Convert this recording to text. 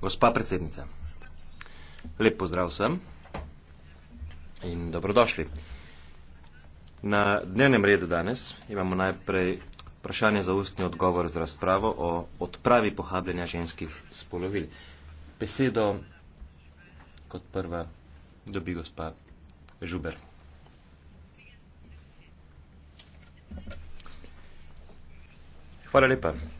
Gospa predsednica, lep pozdrav vsem in dobrodošli. Na dnevnem redu danes imamo najprej vprašanje za ustni odgovor z razpravo o odpravi pohabljenja ženskih spolovil. Besedo kot prva dobi gospa Žuber. Hvala lepa.